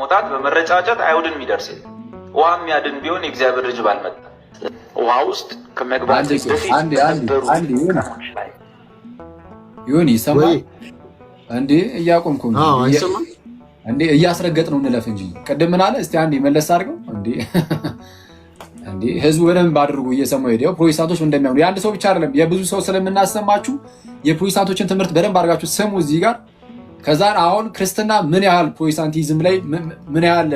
መውጣት በመረጫጨት አይሁድን የሚደርስ ውሃ የሚያድን ቢሆን የእግዚአብሔር ልጅ ባልመጣ ውሃ ውስጥ ከመግባት በፊት ይሰማል እንዴ? እያቆምኩ እንዴ? እያስረገጥ ነው እንለፍ እንጂ ቅድም ምን አለ? እስቲ አንድ መለስ አድርገው እንዴ! እንዴ ህዝቡ በደንብ አድርጉ እየሰማው ሄደው ፕሮቴስታንቶች እንደሚያምኑ የአንድ ሰው ብቻ አይደለም የብዙ ሰው ስለምናሰማችሁ የፕሮቴስታንቶችን ትምህርት በደንብ አድርጋችሁ ስሙ። እዚህ ጋር ከዛን አሁን ክርስትና ምን ያህል ፕሮቴስታንቲዝም ላይ ምን ያህል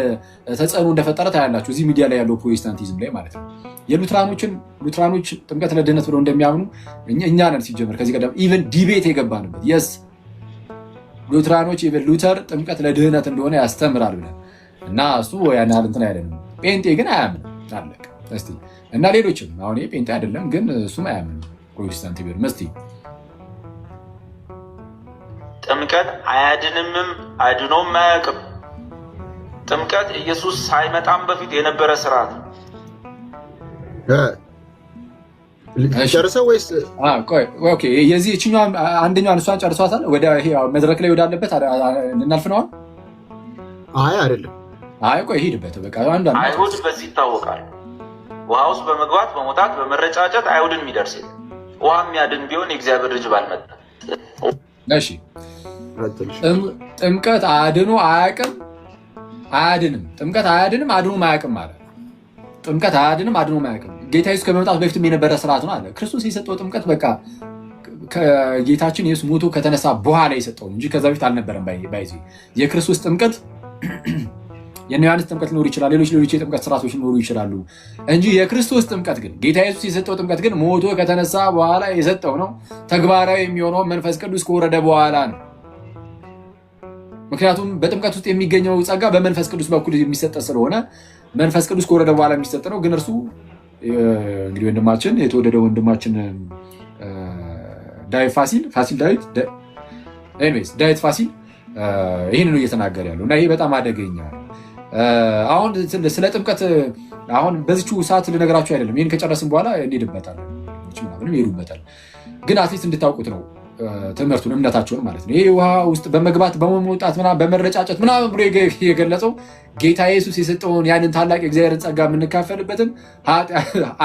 ተጽዕኖ እንደፈጠረ ታያላችሁ። እዚህ ሚዲያ ላይ ያለው ፕሮቴስታንቲዝም ላይ ማለት ነው። የሉትራኖችን ሉትራኖች ጥምቀት ለድህነት ብለው እንደሚያምኑ እኛ ነን ሲጀምር ከዚህ ቀደም ኢቨን ዲቤት የገባንበት የስ ሉትራኖች ኢቨን ሉተር ጥምቀት ለድህነት እንደሆነ ያስተምራል ብለን እና እሱ ያን ያህል እንትን አይደለም። ጴንጤ ግን አያምን አለቀ። እስኪ እና ሌሎችም አሁን ጴንጤ አይደለም ግን እሱም አያምን ፕሮቴስታንት መስቲ ጥምቀት አያድንምም አድኖም አያውቅም። ጥምቀት ኢየሱስ ሳይመጣም በፊት የነበረ ስርዓት ነው። ጨርሰው ወይስ የዚህ አንደኛዋን እሷን ጨርሷታል? ወደ መድረክ ላይ ወዳለበት እናልፍ ነዋል። አይ አይደለም፣ አይ ቆይ ሂድበት። በቃ አይሁድ በዚህ ይታወቃል። ውሃ ውስጥ በመግባት በመውጣት በመረጫጨት አይሁድን የሚደርስ ውሃ የሚያድን ቢሆን የእግዚአብሔር ልጅ ባልመጣ እሺ ጥምቀት አድኖ አያቅም አያድንም። ጥምቀት አያድንም አድኖም አያቅም ማለት ጥምቀት አያድንም አድኖም አያቅም። ጌታ ኢየሱስ ከመምጣት በፊትም የነበረ ስርዓት ነው አለ። ክርስቶስ የሰጠው ጥምቀት በቃ ከጌታችን ኢየሱስ ሞቶ ከተነሳ በኋላ የሰጠው እንጂ ከዛ በፊት አልነበረም። ባይዚ የክርስቶስ ጥምቀት የነ ዮሐንስ ጥምቀት ሊኖር ይችላል፣ ሌሎች ሌሎች የጥምቀት ስርዓቶች ሊኖሩ ይችላሉ እንጂ የክርስቶስ ጥምቀት ግን ጌታ ኢየሱስ የሰጠው ጥምቀት ግን ሞቶ ከተነሳ በኋላ የሰጠው ነው። ተግባራዊ የሚሆነው መንፈስ ቅዱስ ከወረደ በኋላ ነው። ምክንያቱም በጥምቀት ውስጥ የሚገኘው ጸጋ በመንፈስ ቅዱስ በኩል የሚሰጠ ስለሆነ መንፈስ ቅዱስ ከወረደ በኋላ የሚሰጥ ነው። ግን እርሱ እንግዲህ ወንድማችን የተወደደ ወንድማችን ዳዊት ፋሲል ፋሲል ዳዊት ኤኒዌይስ ዳዊት ፋሲል ይህን እየተናገረ ያለው እና ይሄ በጣም አደገኛ ነው። አሁን ስለ ጥምቀት አሁን በዚች ሰዓት ልነግራችሁ አይደለም። ይህን ከጨረስን በኋላ እንሄድበታል፣ ይሄዱበታል። ግን አትሊስት እንድታውቁት ነው ትምህርቱን እምነታቸውን ማለት ነው። ይህ ውሃ ውስጥ በመግባት በመውጣት ምናምን በመረጫጨት ምናምን ብሎ የገለጸው ጌታ ኢየሱስ የሰጠውን ያንን ታላቅ የእግዚአብሔርን ጸጋ የምንካፈልበትን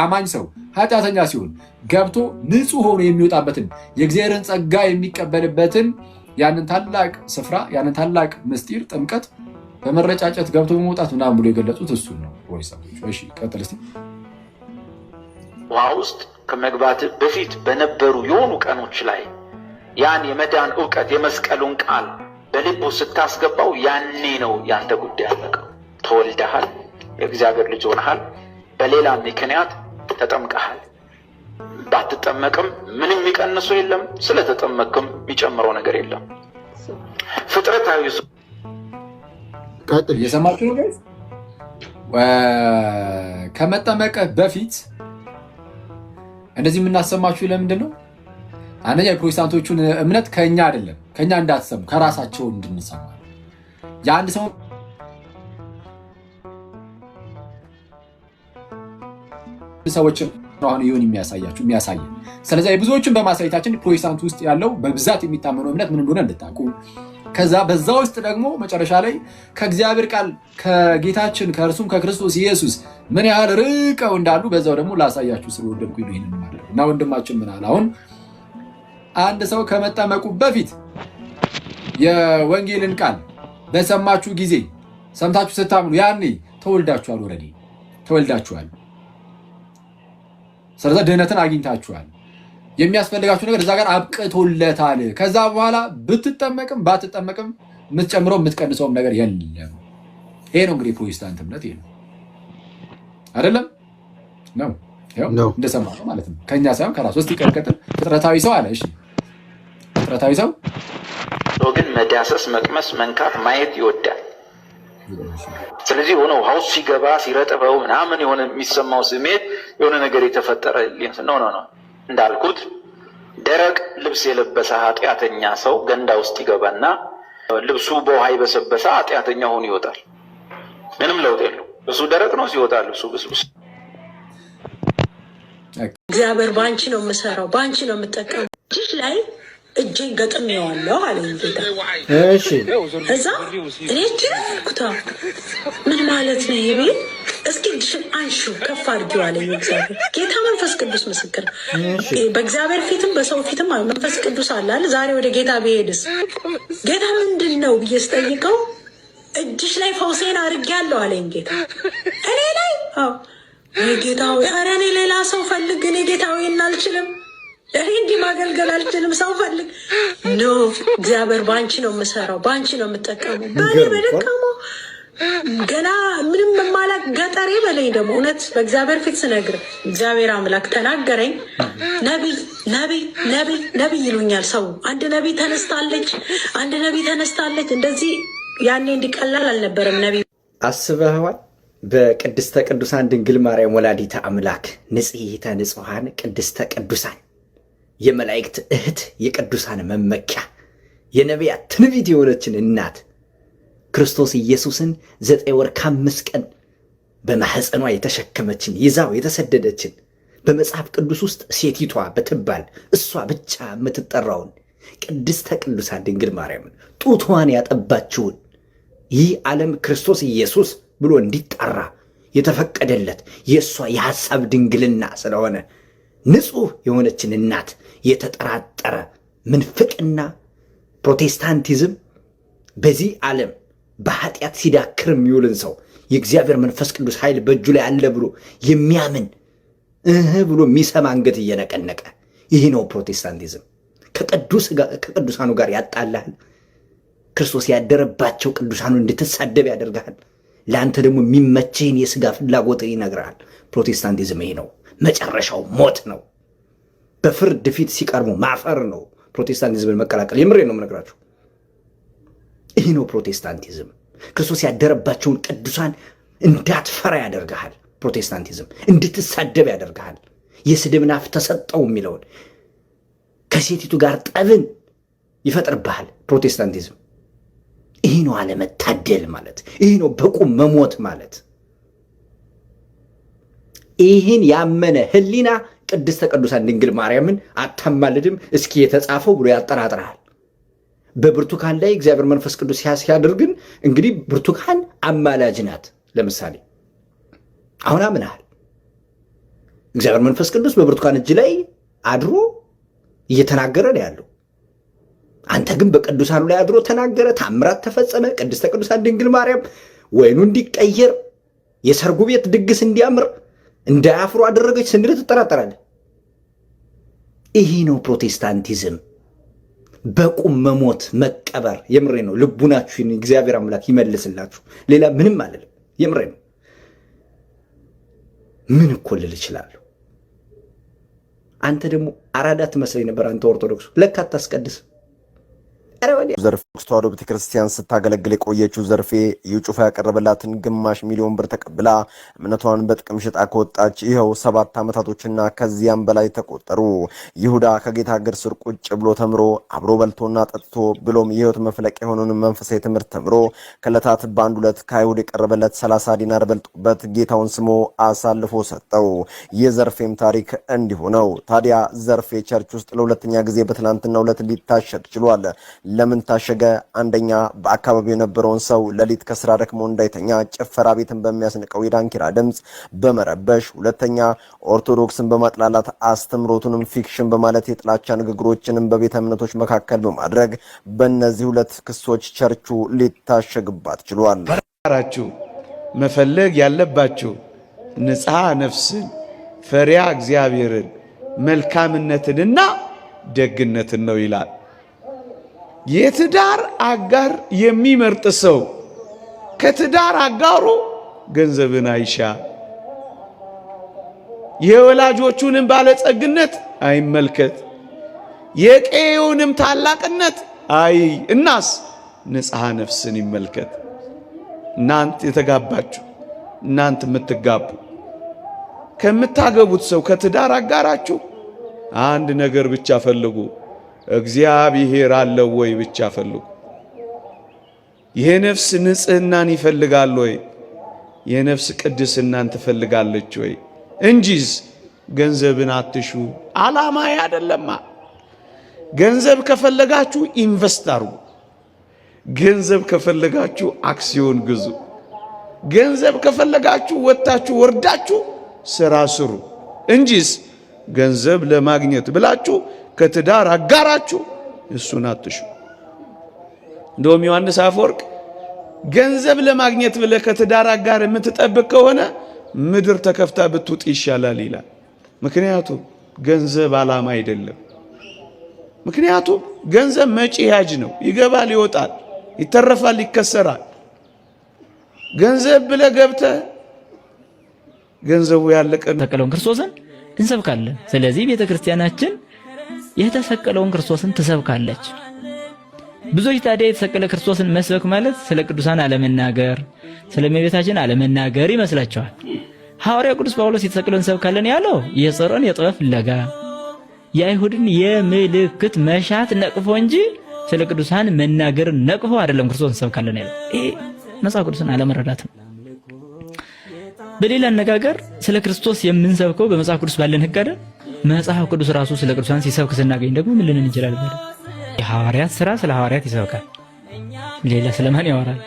አማኝ ሰው ኃጢአተኛ ሲሆን ገብቶ ንጹህ ሆኖ የሚወጣበትን የእግዚአብሔርን ጸጋ የሚቀበልበትን ያንን ታላቅ ስፍራ ያንን ታላቅ ምስጢር ጥምቀት በመረጫጨት ገብቶ በመውጣት ምናምን ብሎ የገለጹት እሱ ነው። ሰዎች ቀጥል እስኪ። ውሃ ውስጥ ከመግባት በፊት በነበሩ የሆኑ ቀኖች ላይ ያን የመዳን እውቀት የመስቀሉን ቃል በልቡ ስታስገባው ያኔ ነው ያንተ ጉዳይ ያለቀው። ተወልደሃል፣ የእግዚአብሔር ልጅ ሆነሃል። በሌላ ምክንያት ተጠምቀሃል። ባትጠመቅም ምንም የሚቀንሱ የለም፣ ስለተጠመቅም የሚጨምረው ነገር የለም። ፍጥረታዊ እየሰማችሁ ነው ጋይስ። ከመጠመቀ በፊት እንደዚህ የምናሰማችሁ ለምንድን ነው? አንደኛ የፕሮቴስታንቶቹን እምነት ከእኛ አይደለም ከእኛ እንዳትሰሙ ከራሳቸው እንድንሰማ የአንድ ሰው ሰዎችን አሁን ይሁን የሚያሳያችሁ የሚያሳየ ስለዚ፣ ብዙዎችን በማሳየታችን ፕሮቴስታንት ውስጥ ያለው በብዛት የሚታመኑ እምነት ምን እንደሆነ እንድታውቁ ከዛ በዛ ውስጥ ደግሞ መጨረሻ ላይ ከእግዚአብሔር ቃል ከጌታችን ከእርሱም ከክርስቶስ ኢየሱስ ምን ያህል ርቀው እንዳሉ በዛው ደግሞ ላሳያችሁ ስለወደድኩ ነው ይህንን ማለት እና ወንድማችን ምናል አሁን አንድ ሰው ከመጠመቁ በፊት የወንጌልን ቃል በሰማችሁ ጊዜ ሰምታችሁ ስታምኑ ያኔ ተወልዳችኋል፣ ወረ ተወልዳችኋል። ስለዛ ድህነትን አግኝታችኋል። የሚያስፈልጋችሁ ነገር እዛ ጋር አብቅቶለታል። ከዛ በኋላ ብትጠመቅም ባትጠመቅም የምትጨምረው የምትቀንሰውም ነገር የለም። ይሄ ነው እንግዲህ ፕሮቴስታንት እምነት ይሄ ነው አይደለም ነው እንደሰማ ነው ማለት ነው። ከኛ ሳይሆን ከራሱ ውስጥ ይቀርቀጥል ፍጥረታዊ ሰው አለ። እሺ ፍጥረታዊ ሰው ግን መዳሰስ፣ መቅመስ፣ መንካት፣ ማየት ይወዳል። ስለዚህ የሆነ ውሃው ሲገባ ሲረጥበው ምናምን የሆነ የሚሰማው ስሜት የሆነ ነገር የተፈጠረ ነው ነው ነው እንዳልኩት ደረቅ ልብስ የለበሰ ኃጢአተኛ ሰው ገንዳ ውስጥ ይገባና ልብሱ በውሃ የበሰበሰ ኃጢአተኛ ሆኖ ይወጣል። ምንም ለውጥ የለው። እሱ ደረቅ ነው፣ ሲወጣ ልብሱ ብስብስ። እግዚአብሔር በአንቺ ነው የምሰራው፣ በአንቺ ነው የምጠቀም ላይ እጄን ገጥም አለኝ ጌታ። እዛ እኔ ችልኩታ ምን ማለት ነው ይሄ እስኪ እጅሽን አንሺው ከፍ አድርጊው አለኝ እግዚአብሔር። ጌታ መንፈስ ቅዱስ ምስክር፣ በእግዚአብሔር ፊትም በሰው ፊትም መንፈስ ቅዱስ አለ። አለ። ዛሬ ወደ ጌታ ብሄድስ ጌታ ምንድን ነው ብዬ ስጠይቀው እጅሽ ላይ ፈውሴን አድርጌያለሁ አለኝ ጌታ። እኔ ላይ ጌታ ኧረ እኔ ሌላ ሰው ፈልግ፣ እኔ ጌታ ይህን እናልችልም እኔ እንዲህ ማገልገል አልችልም፣ ሰው ፈልግ። ኖ እግዚአብሔር በአንቺ ነው የምሰራው፣ በአንቺ ነው የምጠቀሙ በእኔ በደካማ ገና ምንም የማላቅ ገጠሬ በለኝ ደግሞ እውነት በእግዚአብሔር ፊት ስነግር እግዚአብሔር አምላክ ተናገረኝ። ነቢይ ነቢይ ነቢይ ነቢይ ይሉኛል ሰው። አንድ ነቢይ ተነስታለች፣ አንድ ነቢይ ተነስታለች። እንደዚህ ያኔ እንዲቀላል አልነበረም። ነቢይ አስበህዋል። በቅድስተ ቅዱሳን ድንግል ማርያም ወላዲተ አምላክ ንጽሕተ ንጹሐን ቅድስተ ቅዱሳን የመላእክት እህት የቅዱሳን መመኪያ የነቢያት ትንቢት የሆነችን እናት ክርስቶስ ኢየሱስን ዘጠኝ ወር ከአምስት ቀን በማሕፀኗ የተሸከመችን ይዛው የተሰደደችን በመጽሐፍ ቅዱስ ውስጥ ሴቲቷ በትባል እሷ ብቻ የምትጠራውን ቅድስተ ቅዱሳን ድንግል ማርያምን ጡቷን ያጠባችውን ይህ ዓለም ክርስቶስ ኢየሱስ ብሎ እንዲጠራ የተፈቀደለት የእሷ የሐሳብ ድንግልና ስለሆነ ንጹሕ የሆነችን እናት የተጠራጠረ ምንፍቅና ፕሮቴስታንቲዝም በዚህ ዓለም በኃጢአት ሲዳክር የሚውልን ሰው የእግዚአብሔር መንፈስ ቅዱስ ኃይል በእጁ ላይ አለ ብሎ የሚያምን እህ ብሎ የሚሰማ አንገት እየነቀነቀ ይህ ነው ፕሮቴስታንቲዝም። ከቅዱሳኑ ጋር ያጣላል ክርስቶስ ያደረባቸው ቅዱሳኑ እንድትሳደብ ያደርግሃል። ለአንተ ደግሞ የሚመችህን የስጋ ፍላጎት ይነግርሃል። ፕሮቴስታንቲዝም ይህ ነው። መጨረሻው ሞት ነው። በፍርድ ፊት ሲቀርቡ ማፈር ነው። ፕሮቴስታንቲዝምን መቀላቀል የምሬ ነው የምነግራችሁ። ይህ ነው ፕሮቴስታንቲዝም። ክርስቶስ ያደረባቸውን ቅዱሳን እንዳትፈራ ያደርግሃል። ፕሮቴስታንቲዝም እንድትሳደብ ያደርግሃል። የስድብ ናፍ ተሰጠው የሚለውን ከሴቲቱ ጋር ጠብን ይፈጥርብሃል። ፕሮቴስታንቲዝም ይህ ነው አለመታደል ማለት፣ ይህ ነው በቁም መሞት ማለት። ይህን ያመነ ህሊና ቅድስተ ቅዱሳን ድንግል ማርያምን አታማልድም እስኪ የተጻፈው ብሎ ያጠራጥርሃል። በብርቱካን ላይ እግዚአብሔር መንፈስ ቅዱስ ሲያደርግን እንግዲህ ብርቱካን አማላጅ ናት። ለምሳሌ አሁን አምናሃል እግዚአብሔር መንፈስ ቅዱስ በብርቱካን እጅ ላይ አድሮ እየተናገረ ነው ያለው። አንተ ግን በቅዱሳኑ ላይ አድሮ ተናገረ፣ ታምራት ተፈጸመ፣ ቅድስተ ቅዱሳን ድንግል ማርያም ወይኑ እንዲቀየር የሰርጉ ቤት ድግስ እንዲያምር እንዳያፍሩ አደረገች ስንል ትጠራጠራለህ። ይሄ ነው ፕሮቴስታንቲዝም። በቁም መሞት መቀበር፣ የምሬ ነው። ልቡናችሁን እግዚአብሔር አምላክ ይመልስላችሁ። ሌላ ምንም አልልም፣ የምሬ ነው። ምን እኮ ልል እችላለሁ? አንተ ደግሞ አራዳ ትመስለኝ ነበር። አንተ ኦርቶዶክሱ ለካ አታስቀድስም። ተናግረዋል። ዘርፌ ኦርቶዶክስ ቤተክርስቲያን ስታገለግል የቆየችው ዘርፌ እዩ ጩፋ ያቀረበላትን ግማሽ ሚሊዮን ብር ተቀብላ እምነቷን በጥቅም ሽጣ ከወጣች ይኸው ሰባት ዓመታቶችና ከዚያም በላይ ተቆጠሩ። ይሁዳ ከጌታ እግር ስር ቁጭ ብሎ ተምሮ አብሮ በልቶና ጠጥቶ ብሎም የህይወት መፍለቅ የሆነውን መንፈሳዊ ትምህርት ተምሮ ከለታት በአንድ ሁለት ከአይሁድ የቀረበለት ሰላሳ ዲናር በልጦበት ጌታውን ስሞ አሳልፎ ሰጠው። የዘርፌም ታሪክ እንዲሁ ነው። ታዲያ ዘርፌ ቸርች ውስጥ ለሁለተኛ ጊዜ በትናንትና ሁለት ሊታሸግ ችሏል። ለምን በሳምንት ታሸገ። አንደኛ በአካባቢው የነበረውን ሰው ሌሊት ከስራ ደክሞ እንዳይተኛ ጭፈራ ቤትን በሚያስንቀው የዳንኪራ ድምፅ በመረበሽ፣ ሁለተኛ ኦርቶዶክስን በማጥላላት አስተምሮቱንም ፊክሽን በማለት የጥላቻ ንግግሮችንም በቤተ እምነቶች መካከል በማድረግ በእነዚህ ሁለት ክሶች ቸርቹ ሊታሸግባት ችሏል። ራችሁ መፈለግ ያለባችሁ ንጽሐ ነፍስን ፈሪያ እግዚአብሔርን መልካምነትንና ደግነትን ነው ይላል። የትዳር አጋር የሚመርጥ ሰው ከትዳር አጋሩ ገንዘብን አይሻ፣ የወላጆቹንም ባለጸግነት አይመልከት፣ የቀዬውንም ታላቅነት አይ እናስ ንጽሐ ነፍስን ይመልከት። እናንት የተጋባችሁ እናንት የምትጋቡ ከምታገቡት ሰው ከትዳር አጋራችሁ አንድ ነገር ብቻ ፈልጉ። እግዚአብሔር አለው ወይ ብቻ ፈልጉ። የነፍስ ንጽህናን ይፈልጋል ወይ? የነፍስ ቅድስናን ትፈልጋለች ወይ? እንጂስ ገንዘብን አትሹ። ዓላማ አይደለማ። ገንዘብ ከፈለጋችሁ ኢንቨስት አርጉ። ገንዘብ ከፈለጋችሁ አክሲዮን ግዙ። ገንዘብ ከፈለጋችሁ ወጥታችሁ ወርዳችሁ ስራ ስሩ እንጂስ ገንዘብ ለማግኘት ብላችሁ ከትዳር አጋራችሁ እሱን አትሹ። እንደውም ዮሐንስ አፈወርቅ ገንዘብ ለማግኘት ብለህ ከትዳር አጋር የምትጠብቅ ከሆነ ምድር ተከፍታ ብትውጥ ይሻላል ይላል። ምክንያቱም ገንዘብ ዓላማ አይደለም። ምክንያቱም ገንዘብ መጪ ያጅ ነው። ይገባል፣ ይወጣል፣ ይተረፋል፣ ይከሰራል። ገንዘብ ብለህ ገብተህ ገንዘቡ ያለቀ ተቀለውን ክርስቶስን እንሰብካለን። ስለዚህ ቤተ ክርስቲያናችን የተሰቀለውን ክርስቶስን ትሰብካለች። ብዙዎች ታዲያ የተሰቀለ ክርስቶስን መስበክ ማለት ስለ ቅዱሳን አለመናገር፣ ስለ እመቤታችን አለመናገር ይመስላቸዋል። ሐዋርያው ቅዱስ ጳውሎስ የተሰቀለውን እንሰብካለን ያለው የጽርዕን የጥበብ ፍለጋ የአይሁድን የምልክት መሻት ነቅፎ እንጂ ስለ ቅዱሳን መናገር ነቅፎ አይደለም። ክርስቶስን እንሰብካለን ያለው ይሄ መጽሐፍ ቅዱስን አለመረዳት ነው። በሌላ አነጋገር ስለ ክርስቶስ የምንሰብከው በመጽሐፍ ቅዱስ ባለን ሕግ አይደል? መጽሐፍ ቅዱስ ራሱ ስለ ቅዱሳን ሲሰብክ ስናገኝ ደግሞ ምን ልንል እንችላለን? የሐዋርያት ስራ ስለ ሐዋርያት ይሰብካል። ሌላ ስለማን ያወራል?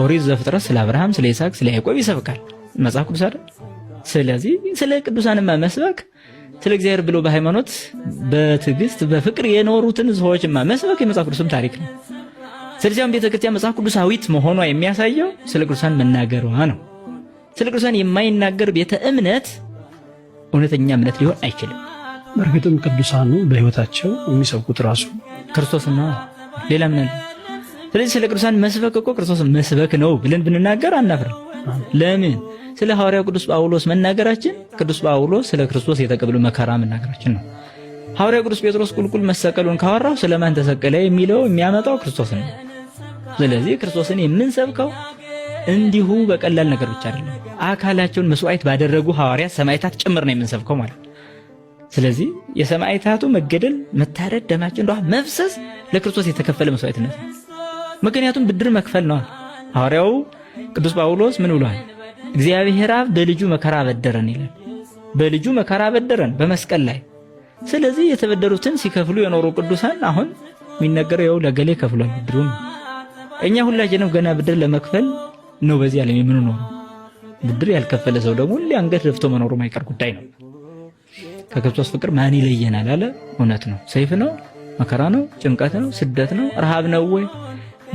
ኦሪት ዘፍጥረት ስለ አብርሃም፣ ስለ ይስሐቅ፣ ስለ ያዕቆብ ይሰብካል መጽሐፍ ቅዱስ አይደል? ስለዚህ ስለ ቅዱሳንማ መስበክ ስለ እግዚአብሔር ብሎ በሃይማኖት በትዕግስት በፍቅር የኖሩትን ሰዎችማ መስበክ የመጽሐፍ ቅዱስም ታሪክ ነው። ስለዚያም ቤተክርስቲያን መጽሐፍ ቅዱሳዊት መሆኗ የሚያሳየው ስለ ቅዱሳን መናገሯ ነው። ስለ ቅዱሳን የማይናገር ቤተ እምነት እውነተኛ እምነት ሊሆን አይችልም። በእርግጥም ቅዱሳኑ በህይወታቸው የሚሰብኩት ራሱ ክርስቶስ ነው። ሌላ ምን? ስለዚህ ስለ ቅዱሳን መስበክ እኮ ክርስቶስ መስበክ ነው ብለን ብንናገር አናፍርም። ለምን? ስለ ሐዋርያው ቅዱስ ጳውሎስ መናገራችን ቅዱስ ጳውሎስ ስለ ክርስቶስ የተቀበሉ መከራ መናገራችን ነው። ሐዋርያው ቅዱስ ጴጥሮስ ቁልቁል መሰቀሉን ካወራው ስለማን ተሰቀለ የሚለው የሚያመጣው ክርስቶስ ነው። ስለዚህ ክርስቶስን የምንሰብከው እንዲሁ በቀላል ነገር ብቻ አይደለም። አካላቸውን መስዋዕት ባደረጉ ሐዋርያት ሰማዕታት ጭምር ነው የምንሰብከው ማለት ስለዚህ የሰማዕታቱ መገደል፣ መታረድ፣ ደማቸው እንደ መፍሰስ ለክርስቶስ የተከፈለ መስዋዕትነት ነው። ምክንያቱም ብድር መክፈል ነዋል። ሐዋርያው ቅዱስ ጳውሎስ ምን ብሏል? እግዚአብሔር አብ በልጁ መከራ በደረን ይላል። በልጁ መከራ በደረን በመስቀል ላይ። ስለዚህ የተበደሩትን ሲከፍሉ የኖሩ ቅዱሳን አሁን የሚነገረው ያው ለገሌ ከፍሏል ብድሩን። እኛ ሁላችንም ገና ብድር ለመክፈል ነው በዚህ ዓለም የምንኖረው። ብድር ያልከፈለ ሰው ደግሞ ሁሌ አንገት ደፍቶ መኖሩ ማይቀር ጉዳይ ነው። ከክርስቶስ ፍቅር ማን ይለየናል አለ። እውነት ነው። ሰይፍ ነው፣ መከራ ነው፣ ጭንቀት ነው፣ ስደት ነው፣ ረሃብ ነው ወይ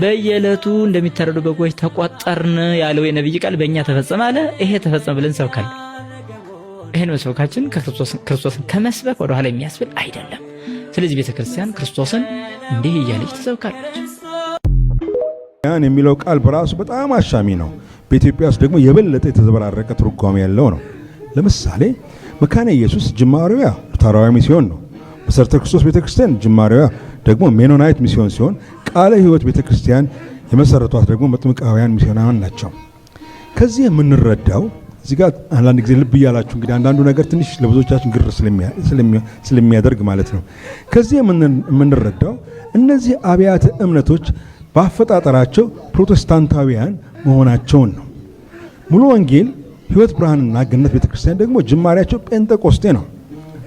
በየዕለቱ እንደሚታረዱ በጎች ተቆጠርን ያለው የነቢይ ቃል በእኛ ተፈጸመ አለ። ይሄ ተፈጸመ ብለን ሰብካል። ይህን መስበካችን ክርስቶስን ከመስበክ ወደኋላ የሚያስብል አይደለም። ስለዚህ ቤተክርስቲያን ክርስቶስን እንዲህ እያለች ትሰብካለች። ያን የሚለው ቃል በራሱ በጣም አሻሚ ነው። በኢትዮጵያ ውስጥ ደግሞ የበለጠ የተዘበራረቀ ትርጓሜ ያለው ነው። ለምሳሌ መካነ ኢየሱስ ጅማሬዋ ሉተራዊ ሚስዮን ነው። መሰረተ ክርስቶስ ቤተክርስቲያን ጅማሬዋ ደግሞ ሜኖናይት ሚስዮን ሲሆን ቃለ ሕይወት ቤተክርስቲያን የመሰረቷት ደግሞ መጥምቃውያን ሚስዮናውያን ናቸው። ከዚህ የምንረዳው እዚህ ጋር አንዳንድ ጊዜ ልብ እያላችሁ እንግዲህ አንዳንዱ ነገር ትንሽ ለብዙዎቻችን ግር ስለሚያደርግ ማለት ነው። ከዚህ የምንረዳው እነዚህ አብያተ እምነቶች በአፈጣጠራቸው ፕሮቴስታንታዊያን መሆናቸውን ነው። ሙሉ ወንጌል ህይወት ብርሃንና ገነት ቤተክርስቲያን ደግሞ ጅማሬያቸው ጴንጠቆስቴ ነው።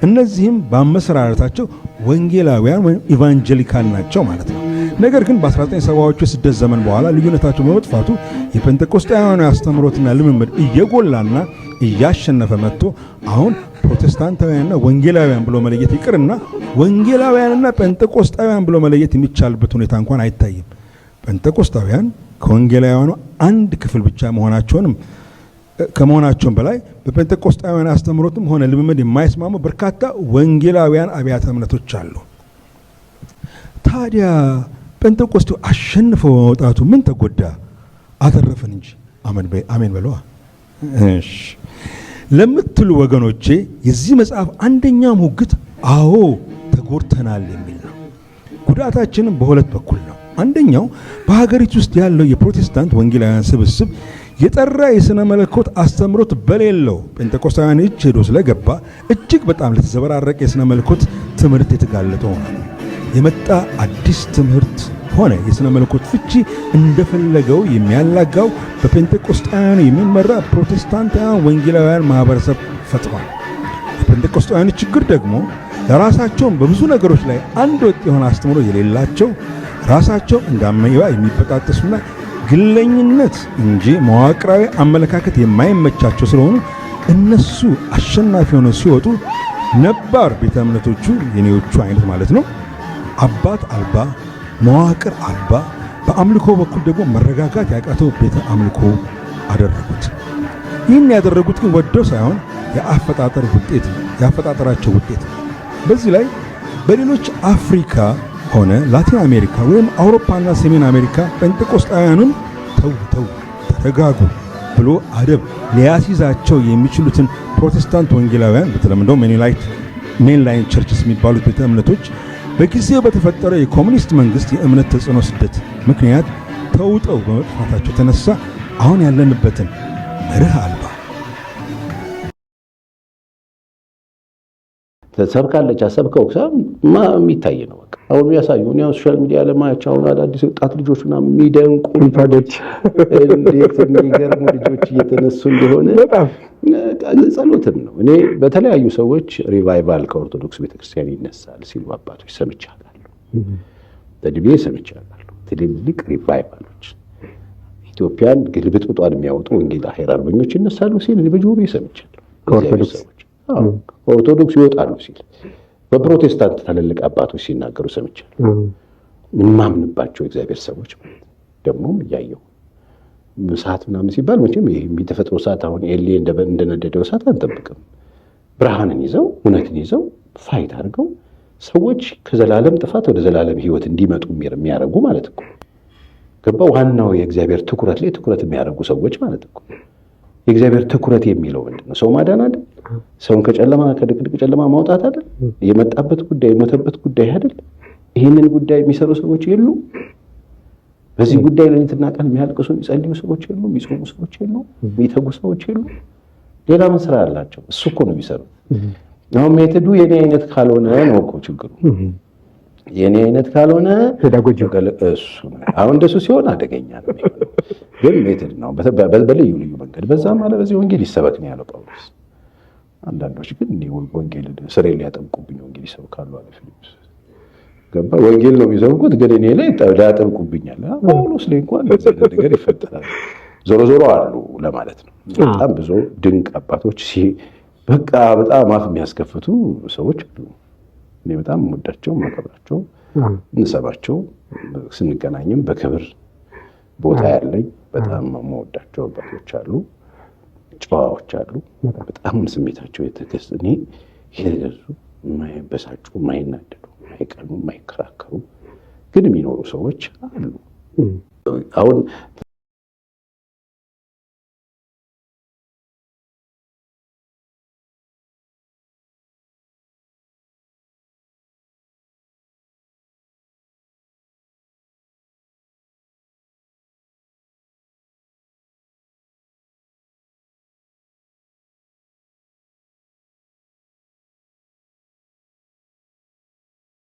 እነዚህም በአመሰራረታቸው ወንጌላውያን ወይም ኢቫንጀሊካል ናቸው ማለት ነው። ነገር ግን በ1970ዎቹ የስደት ዘመን በኋላ ልዩነታቸው በመጥፋቱ የጴንጠቆስጤያውያኑ አስተምህሮትና ልምምድ እየጎላና እያሸነፈ መጥቶ አሁን ፕሮቴስታንታውያንና ወንጌላውያን ብሎ መለየት ይቅርና ወንጌላውያንና ጴንጠቆስጣውያን ብሎ መለየት የሚቻልበት ሁኔታ እንኳን አይታይም። ጴንጠቆስታውያን ከወንጌላውያኑ አንድ ክፍል ብቻ መሆናቸውንም ከመሆናቸውም በላይ በጴንጠቆስጣውያን አስተምህሮትም ሆነ ልምምድ የማይስማሙ በርካታ ወንጌላውያን አብያተ እምነቶች አሉ። ታዲያ ጴንጠቆስቴው አሸንፈው በመውጣቱ ምን ተጎዳ? አተረፈን እንጂ። አሜን በለዋ ለምትሉ ወገኖቼ የዚህ መጽሐፍ አንደኛው ሙግት አዎ ተጎድተናል የሚል ነው። ጉዳታችንም በሁለት በኩል ነው። አንደኛው በሀገሪቱ ውስጥ ያለው የፕሮቴስታንት ወንጌላውያን ስብስብ የጠራ የሥነ መለኮት አስተምሮት በሌለው ጴንጠቆስታውያን እጅ ሄዶ ስለገባ እጅግ በጣም ለተዘበራረቀ የሥነ መለኮት ትምህርት የተጋለጠ ሆነ። የመጣ አዲስ ትምህርት ሆነ የሥነ መለኮት ፍቺ እንደፈለገው የሚያላጋው በጴንጤቆስጣውያኑ የሚመራ ፕሮቴስታንታውያን ወንጌላውያን ማኅበረሰብ ፈጥሯል። የጴንጤቆስጣውያኑ ችግር ደግሞ ለራሳቸውም በብዙ ነገሮች ላይ አንድ ወጥ የሆነ አስተምሮ የሌላቸው ራሳቸው እንደ አመይባ የሚበጣጠሱና ግለኝነት እንጂ መዋቅራዊ አመለካከት የማይመቻቸው ስለሆኑ እነሱ አሸናፊ ሆነው ሲወጡ ነባር ቤተ እምነቶቹ የኔዎቹ አይነት ማለት ነው፣ አባት አልባ መዋቅር አልባ በአምልኮ በኩል ደግሞ መረጋጋት ያቃተው ቤተ አምልኮ አደረጉት። ይህን ያደረጉት ግን ወደው ሳይሆን የአፈጣጠር ውጤት የአፈጣጠራቸው ውጤት በዚህ ላይ በሌሎች አፍሪካ ሆነ ላቲን አሜሪካ ወይም አውሮፓና ሰሜን አሜሪካ ጴንጤቆስጣውያኑን ተው ተው ተረጋጉ ብሎ አደብ ሊያስይዛቸው የሚችሉትን ፕሮቴስታንት ወንጌላውያን በተለምዶ ሜኒላይት ሜንላይን ቸርችስ የሚባሉት ቤተ እምነቶች በጊዜው በተፈጠረ የኮሙኒስት መንግስት የእምነት ተጽዕኖ ስደት ምክንያት ተውጠው በመጥፋታቸው የተነሳ አሁን ያለንበትን መርህ አልባ ሰብካለች አሰብከው የሚታይ ነው። አሁን የሚያሳዩ ሶሻል ሚዲያ ለማያቸው አሁን አዳዲስ ወጣት ልጆች ና የሚደንቁ ልጆች እንዴት የሚገርሙ ልጆች እየተነሱ እንደሆነ ጸሎትም ነው። እኔ በተለያዩ ሰዎች ሪቫይቫል ከኦርቶዶክስ ቤተክርስቲያን ይነሳል ሲሉ አባቶች ሰምቻለሁ፣ በድሜ ሰምቻለሁ። ትልልቅ ሪቫይቫሎች ኢትዮጵያን ግልብጥብጧን የሚያወጡ ወንጌል አሄር አርበኞች ይነሳሉ ሲል በጆሮዬ ሰምቻለሁ ከኦርቶዶክስ ኦርቶዶክስ ይወጣሉ ሲል በፕሮቴስታንት ታላልቅ አባቶች ሲናገሩ ሰምቻል። የማምንባቸው እግዚአብሔር ሰዎች ደግሞም እያየው ሰዓት ምናምን ሲባል መቼም የተፈጥሮ ሰዓት አሁን ኤሌ እንደነደደው ሰዓት አንጠብቅም። ብርሃንን ይዘው እውነትን ይዘው ፋይት አድርገው ሰዎች ከዘላለም ጥፋት ወደ ዘላለም ሕይወት እንዲመጡ የሚያደርጉ ማለት እኮ ገባ። ዋናው የእግዚአብሔር ትኩረት ላይ ትኩረት የሚያደርጉ ሰዎች ማለት እኮ የእግዚአብሔር ትኩረት የሚለው ምንድን ነው? ሰው ማዳን አይደል? ሰውን ከጨለማ ከድቅድቅ ጨለማ ማውጣት አይደል? የመጣበት ጉዳይ የሞተበት ጉዳይ አይደል? ይህንን ጉዳይ የሚሰሩ ሰዎች የሉ? በዚህ ጉዳይ ሌሊትና ቀን የሚያልቅሱ የሚጸልዩ ሰዎች የሉ? የሚጾሙ ሰዎች የሉ? የሚተጉ ሰዎች የሉ? ሌላ ምን ስራ አላቸው? እሱ እኮ ነው የሚሰሩት። አሁን ሜትዱ የኔ አይነት ካልሆነ ነው እኮ ችግሩ። የኔ አይነት ካልሆነ ፔዳጎጂ እሱ አሁን እንደሱ ሲሆን አደገኛ ነው። ግን ሜትድ ነው በልዩ ልዩ መንገድ በዛም አለ በዚህ ወንጌል ይሰበክ ነው ያለው ጳውሎስ። አንዳንዶች ግን ወንጌል ስሬ ሊያጠምቁብኝ ወንጌል ይሰብካሉ አለ ፊልጶስ ገባ ወንጌል ነው የሚሰብኩት፣ ግን እኔ ላይ ሊያጠምቁብኛል። ጳውሎስ ላይ እንኳን ነገር ይፈጠራል። ዞሮ ዞሮ አሉ ለማለት ነው። በጣም ብዙ ድንቅ አባቶች በቃ በጣም አፍ የሚያስከፍቱ ሰዎች አሉ። እኔ በጣም የምወዳቸው ማከብራቸው እንሰባቸው ስንገናኝም በክብር ቦታ ያለኝ በጣም መወዳቸው አባቶች አሉ፣ ጨዋዎች አሉ። በጣም ስሜታቸው የተገዝ እኔ የተገዙ የማይበሳጩ፣ የማይናደዱ፣ የማይቀኑ፣ የማይከራከሩ ግን የሚኖሩ ሰዎች አሉ። አሁን